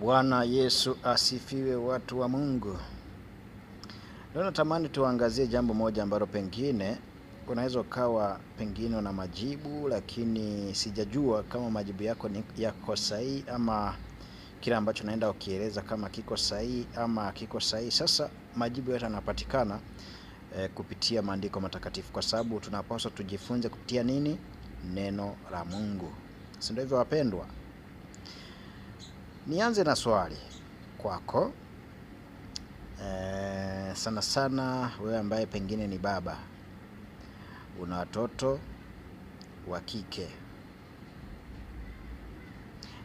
Bwana Yesu asifiwe, watu wa Mungu. Leo natamani tuangazie jambo moja ambalo pengine unaweza ukawa pengine una majibu, lakini sijajua kama majibu yako ni yako sahihi, ama kile ambacho naenda ukieleza kama kiko sahihi ama kiko sahihi. Sasa majibu yote yanapatikana e, kupitia maandiko matakatifu, kwa sababu tunapaswa tujifunze kupitia nini? Neno la Mungu, si ndio hivyo wapendwa? Nianze na swali kwako ee, sana sana wewe ambaye pengine ni baba, una watoto wa kike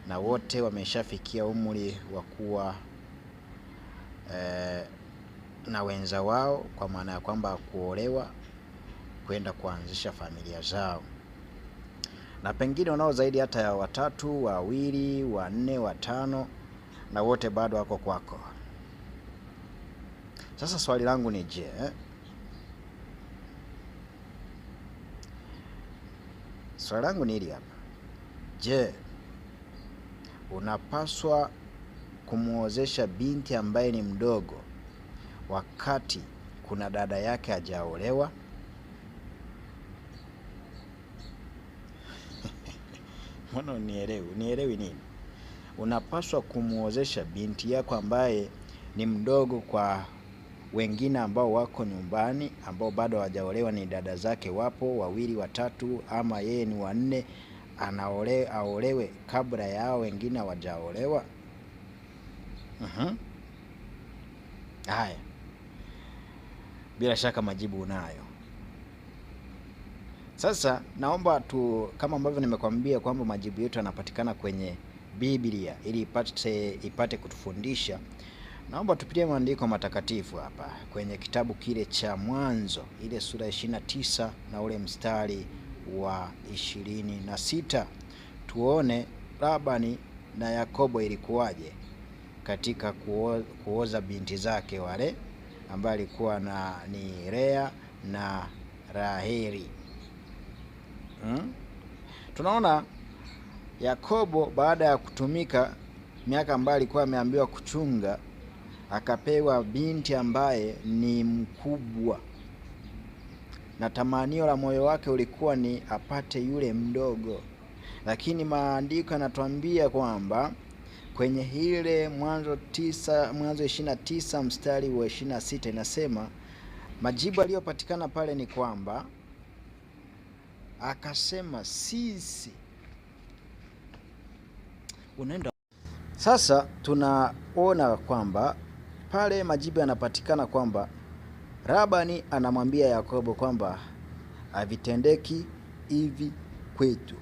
na wote wameshafikia umri wa kuwa e, na wenza wao, kwa maana ya kwamba kuolewa, kwenda kuanzisha familia zao na pengine unao zaidi hata ya watatu, wawili, wanne, watano na wote bado wako kwako. Sasa swali langu ni je, swali langu ni hili hapa. Je, unapaswa kumwozesha binti ambaye ni mdogo wakati kuna dada yake hajaolewa? Mbona unielewi? Unielewi nini? Unapaswa kumwozesha binti yako ambaye ni mdogo kwa wengine ambao wako nyumbani, ambao bado hawajaolewa, ni dada zake wapo wawili watatu, ama yeye ni wanne, anaole aolewe kabla yao wengine hawajaolewa. Uhum. Haya, bila shaka majibu unayo. Sasa naomba tu, kama ambavyo nimekwambia kwamba majibu yetu yanapatikana kwenye Biblia ili ipate, ipate kutufundisha. Naomba tupitie maandiko matakatifu hapa kwenye kitabu kile cha Mwanzo ile sura 29 na ule mstari wa sita tuone Labani na Yakobo ilikuwaje katika kuo, kuoza binti zake wale ambaye alikuwa na ni Lea na Raheli hmm? Tunaona Yakobo baada ya kutumika miaka ambayo alikuwa ameambiwa kuchunga, akapewa binti ambaye ni mkubwa, na tamanio la moyo wake ulikuwa ni apate yule mdogo, lakini maandiko yanatuambia kwamba kwenye hile Mwanzo tisa, Mwanzo ishirini na tisa mstari wa ishirini na sita inasema majibu aliyopatikana pale ni kwamba akasema sisi unaenda sasa. Tunaona kwamba pale majibu yanapatikana kwamba Labani anamwambia Yakobo kwamba havitendeki hivi kwetu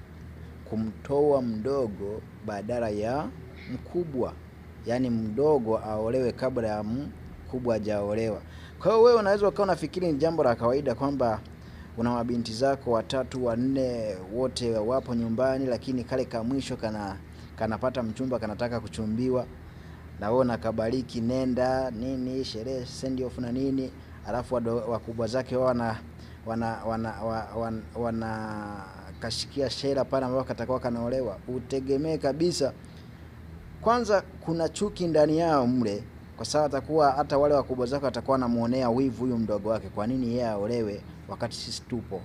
kumtoa mdogo badala ya mkubwa, yaani mdogo aolewe kabla ya mkubwa hajaolewa. Kwa hiyo wewe unaweza ukawa unafikiri ni jambo la kawaida kwamba una mabinti zako watatu wanne, wote wapo nyumbani, lakini kale ka mwisho kana kanapata mchumba, kanataka kuchumbiwa na wewe unakabariki, nenda nini, sherehe send off na nini, alafu wakubwa zake wao wana wana wana, wana, wana kashikia shela pale ambapo katakuwa kanaolewa, utegemee kabisa. Kwanza kuna chuki ndani yao mle, kwa sababu atakuwa hata wale wakubwa zake watakuwa wanamuonea wivu huyu mdogo wake, kwa nini yeye aolewe? wakati sisi tupo.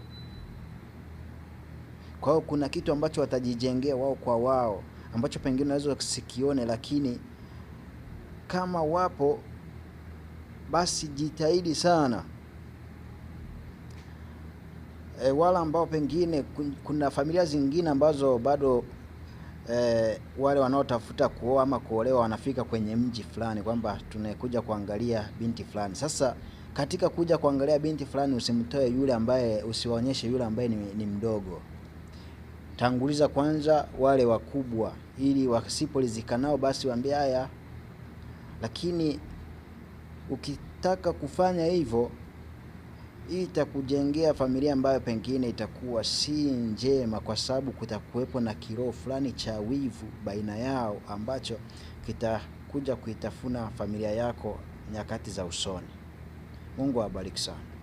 Kwa hiyo kuna kitu ambacho watajijengea wao kwa wao ambacho pengine unaweza usikione, lakini kama wapo basi jitahidi sana. E, wala ambao pengine kuna familia zingine ambazo bado e, wale wanaotafuta kuoa ama kuolewa wanafika kwenye mji fulani kwamba tunakuja kuangalia binti fulani sasa katika kuja kuangalia binti fulani usimtoe yule ambaye, usiwaonyeshe yule ambaye ni, ni mdogo. Tanguliza kwanza wale wakubwa, ili wasipolizika nao basi waambie haya. Lakini ukitaka kufanya hivyo, hii itakujengea familia ambayo pengine itakuwa si njema, kwa sababu kutakuwepo na kiroho fulani cha wivu baina yao ambacho kitakuja kuitafuna familia yako nyakati za usoni. Mungu awabariki sana.